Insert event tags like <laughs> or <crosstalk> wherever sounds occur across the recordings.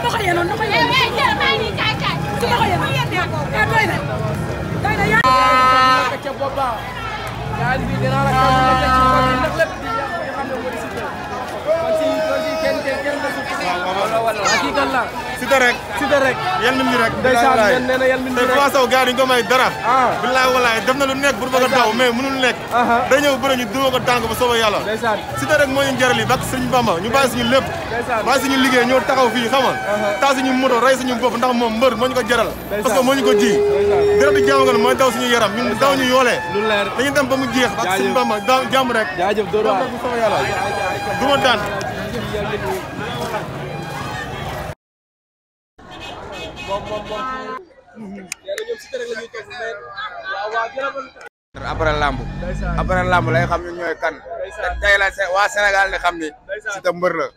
su ma ko yenoon nu ma yenoon eh, eh, eh, su ma ko yenoon ah doy na doy na yaa ngi ah, ca boppam daal bi dinaa la kaw lépp waaw la. Siteu rek. Siteu rek. yal nañu rek. ndeysaan nee na yal nañu rek te Papa Sow gars yi ñu ko may dara. Ah. bilaay walaay def na lu nekk pour a daw mais mënul nekk. day ñëw bëre ñu duma ko tànk ba soobee yàlla. ndeysaan Siteu ñu jaral yi bak Sëriñ Bamba lépp. ndeysaan bàyyi suñu liggéey ñëw taxaw fii xam nga. taa suñu moto rey suñu bopp moom mbër moo ñu ko jaral. parce que ñu ko ji. dara di jaamu nga mooy daw suñu yaram ñun daw ñu yoolee. lu leer ba mu jeex. ak Sëriñ Bamba daw jàmm rek. jaajëf dóor duma daan après lamb après lamb lay xam ñun ñooy kan la waa Sénégal ne xam ni Siteu mbër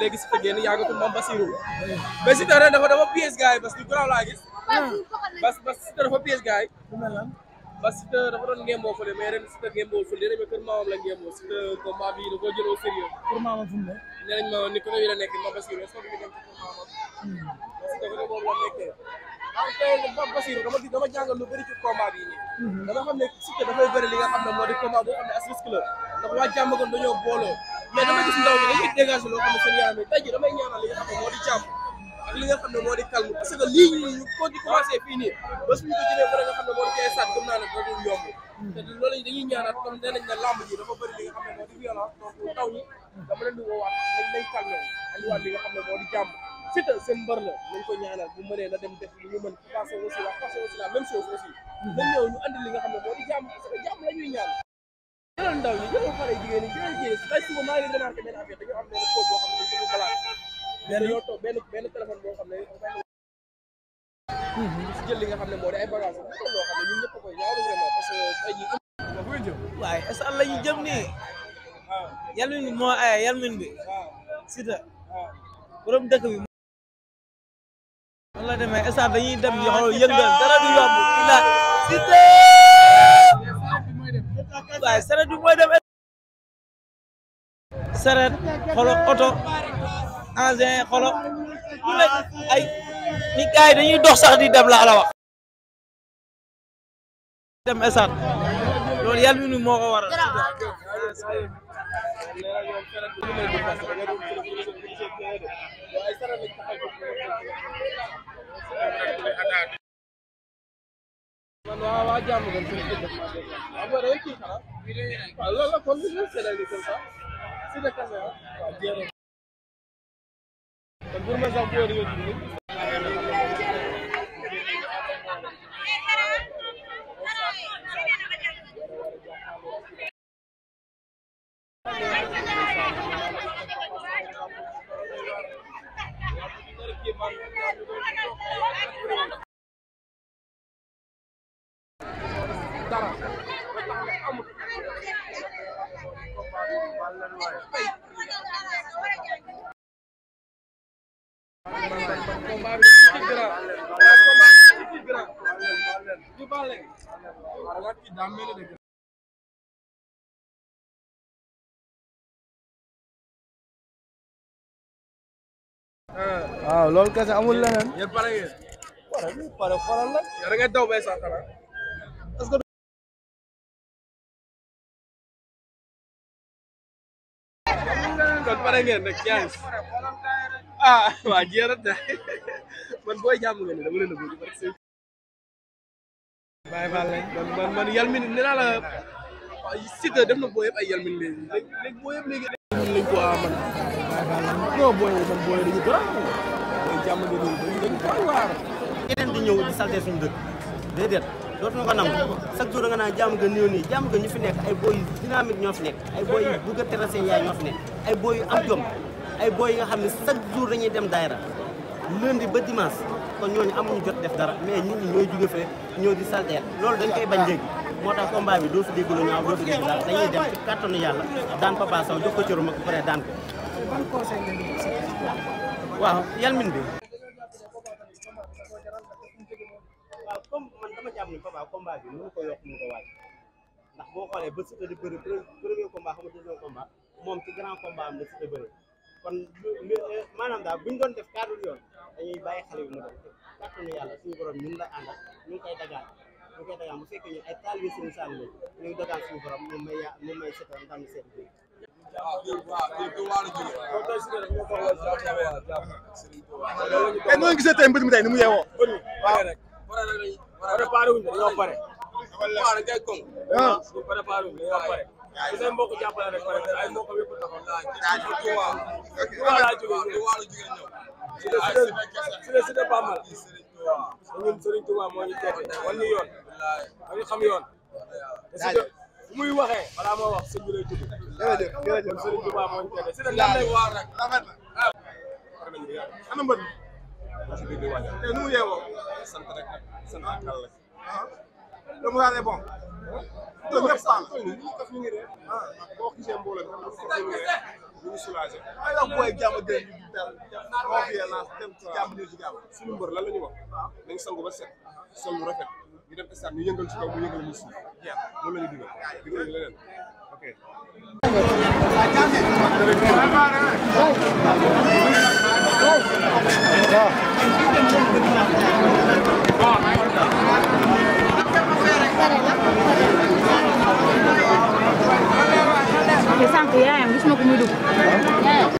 léegi si génn yàggatul moom Basirou mais si dara dafa dafa pièce gars yi parce que guraaw laa gis parce que si dafa pièce gars yi parce que dafa doon ngémboo fële mais ren si ta ngémboo fële demee kër maamam la ngémboo si combat bi da koo jëloo sérieux kër maamam fu mu ne nañ ma ni ko yi la nekk ma Basirou est-ce que ñu dem ci kër maamam parce que dafa moom la nekkee en fait ba Basirou dama dama jàngal lu bëri ci combat bi nii dama xam ne si dafay bëri li nga xam ne moo di combat boo xam ne as risque la ndax waa jàmmagoon dañoo booloo mais dama gis ndaw ñi dañuy ah. dégager loo xam ne seen yaram yi tey jii damay ñaanal li nga xam ne moo di jàmm ak li nga xam ne moo di calme parce que lii ñu ko di commencé fii nii ba suñu ko jëlee ba nga xam ne moo di koy sat gëm naa ne dootul yomb hmm. te loolu dañuy ñaanal comme nee nañ ne làmb ji dafa bëri li nga xam ne moo di violence donc taw ñi dama leen di woowaat nañ nañ calme andiwaat li nga xam ne moo di jàmm Siteu seen mbër la nañ ko ñaanal bu mënee na dem def li ñu mën passé aussi la passé aussi la même chose aussi hmm. nañ ñëw ñu andi li nga xam ne moo di jàmm parce que jàmm la ñuy ñaan jëlal ndaw ñi jëlal xale jigéen ñi jëlal jigéen tey hmm. li nga xam ne moo di ay bagage loo xam ne ñun ñëpp koy ñaawlu vraiment parce que tey jii waaye est-ce la bi moo aye eh, yalmin bi sita borom dëkk bi man la demee est-ce que dañuy dem ah, yoo yëngal dara du sita waaye saret bi mooy xolo oto engin xolo ay ni gars dañuy dox sax di dem la ala man waa waa jàmm gën seen kër def maa dégg waaw boo dee kii xanaa waaw loolu la kon li ñu seedal ni comme ça si de caméra waaw jéem kon pour ma sax bu wér yóbbu nit Thank you. combat bi ci gra waaye combat bi ci gra ñu baal leen wala ki daa mel ne waaw loolu kese amul leneen yéen pare ngeen wala ñu pare faral la da nga daw bay sax xanaa est-ce que kon pare ngeen nag ah <laughs> waa jeerat na <laughs> man booy jàmm nga ne dama leen a bëgg man sëñ Baye Fall lañ yal min nee naa la Siteu def na booy yëpp ay yal min léegi léegi booy yëpp léegi lañ ko ah man non booy man booy dañu dara booy jàmm nga ne dañu dañu koy di ñëw di salte suñu dëkk déedéet dootuñu ko nam chaque jour da nga naan jàmm nga néew nii jàmm nga ñu fi nekk ay booy dynamique ñoo fi nekk a terrasse ay booy am jom ay booy nga xam ne chaque jour dañuy dem daayra lundi ba dimanche kon ñooñu amuñu jot def dara mais nit ñi ñooy jóge ñoo di salteel loolu dañ koy bañ léegi moo tax combat bi doo fi dégg lu ñaaw doo fi dégg dara dañuy dem ci kàttanu yàlla daan Papa Sow jox ko cëru mag ba pare daan ko. waaw yalmin bi. waaw comme man dama jàpp ni combat combat bi mënu ko yokk ndax boo xoolee ba Siteu di bëri premier combat xam nga deuxième combat am la Siteu bëri. kon eh, maanaam daal buñ doon def cadre yoon dañuy bàyyi xale bi mu doon def kàttanu la koy dagaan ñu ngi koy dagaan bu fekkee ñu ay taalibe suñu sànni lañ ñu ngi dagaan suñu borom moom may ya moom may seetal ndam seet bi tey eh, noo gisee tey mbir mi tey ni mu yeewoo waaw seen mbokk jàppale rek pare ay mbokk yëpp taxaw laa jógee si la si la Bambal ñun Serigne Touba moo ñu teete wan ñu yoon dañu xam yoon muy waxee balaa moo wax sëñ bi lay tudd jërëjëf jërëjëf Serigne Touba moo ñu teete si la lay waar rek rafet na ana mbër nu mu yeewoo sant rek sant ak Allah le moral est bon Ah, ñu ngi soulagé ay wax booy jàmm gën ñu dal confiance dem ci jàmm ñu ci jàmm suñu mbër lan la ñu wax dañ ah. sangu ba set sol lu rafet ñu dem stade ñu yëngal ci kaw mu yëngal ñu suuf jeex loolu la ñu digal digal ñu leneen ok waaw sànq yaayam gis na ko muy dugg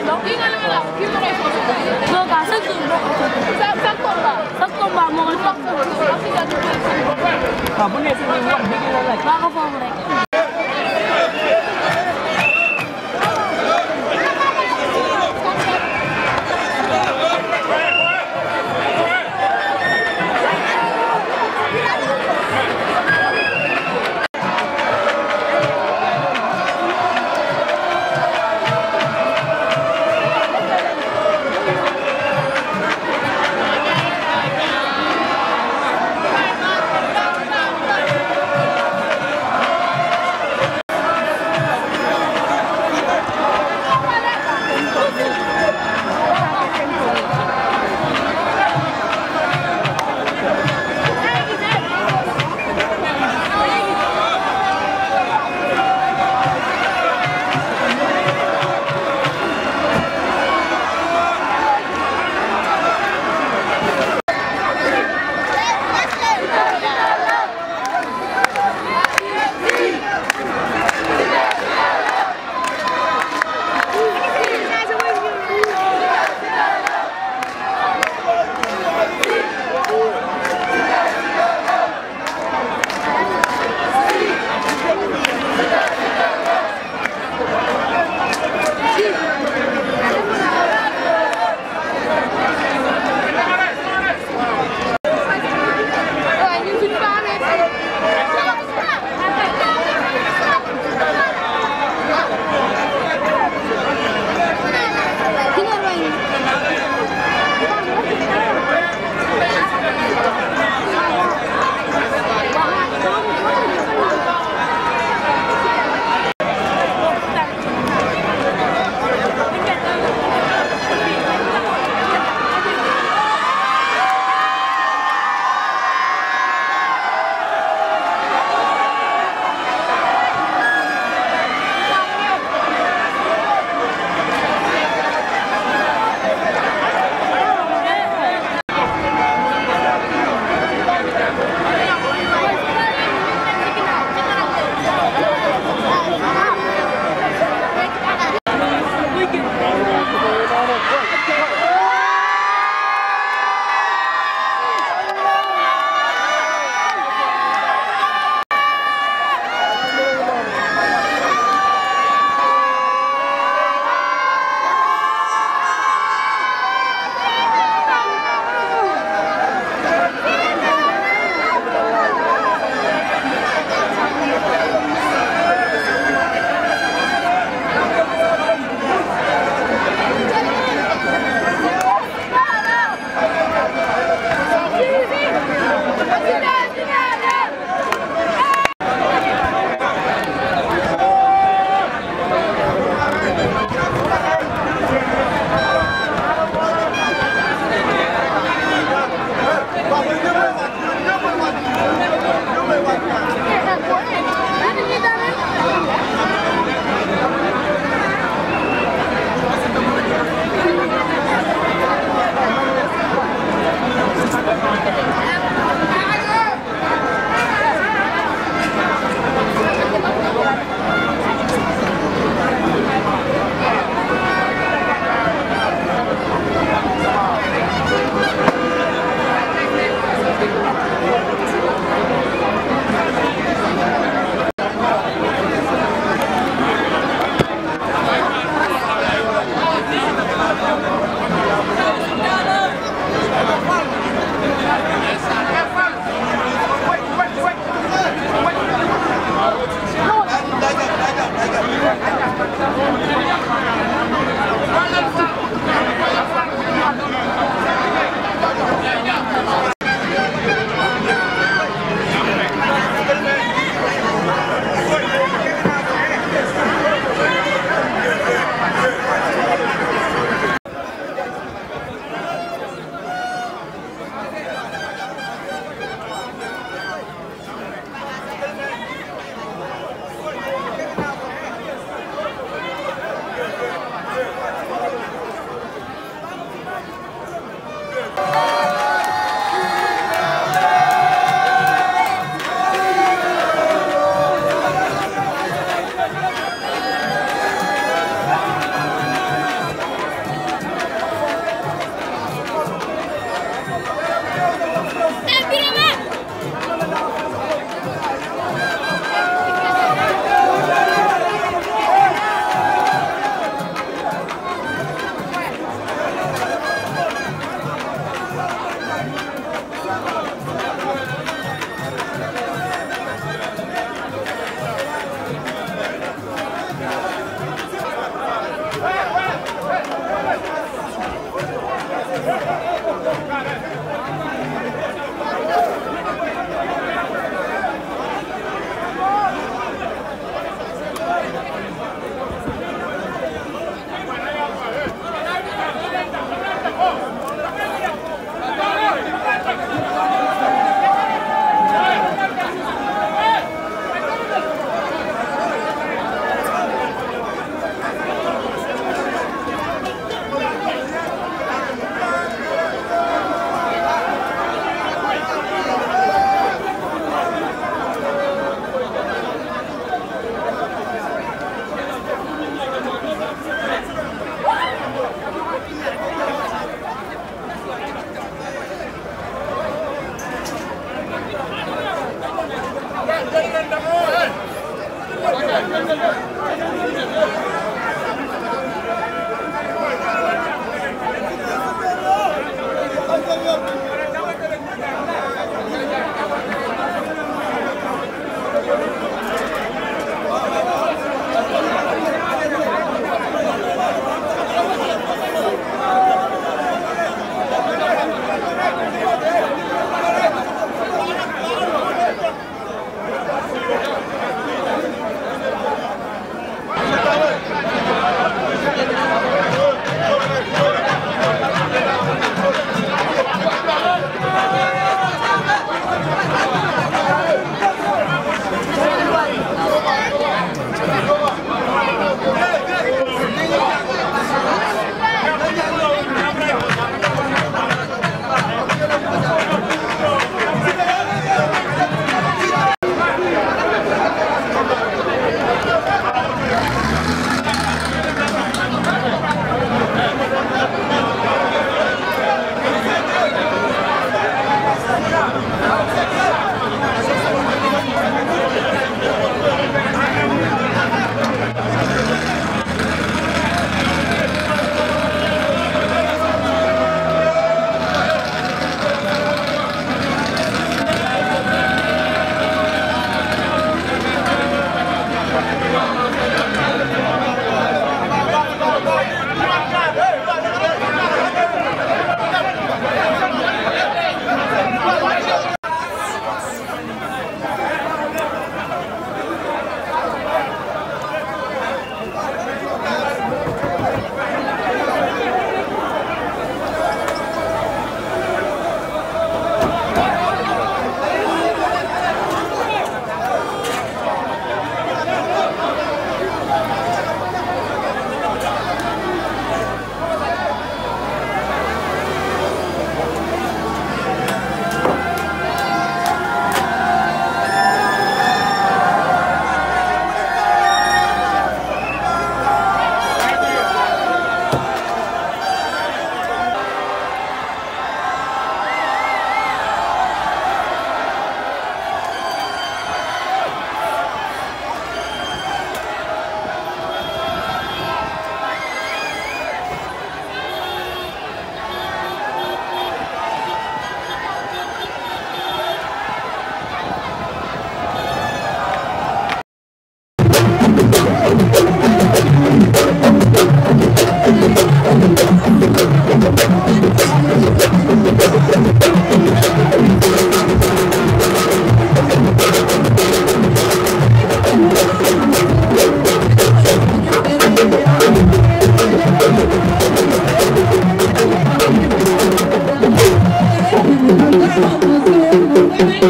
nga li nga la kii nga koy soxla. non pas chaque jour doo ko soxla. sa sa combat. sa combat moo koy soxla. waaw bu nekk wax dëgg la rek.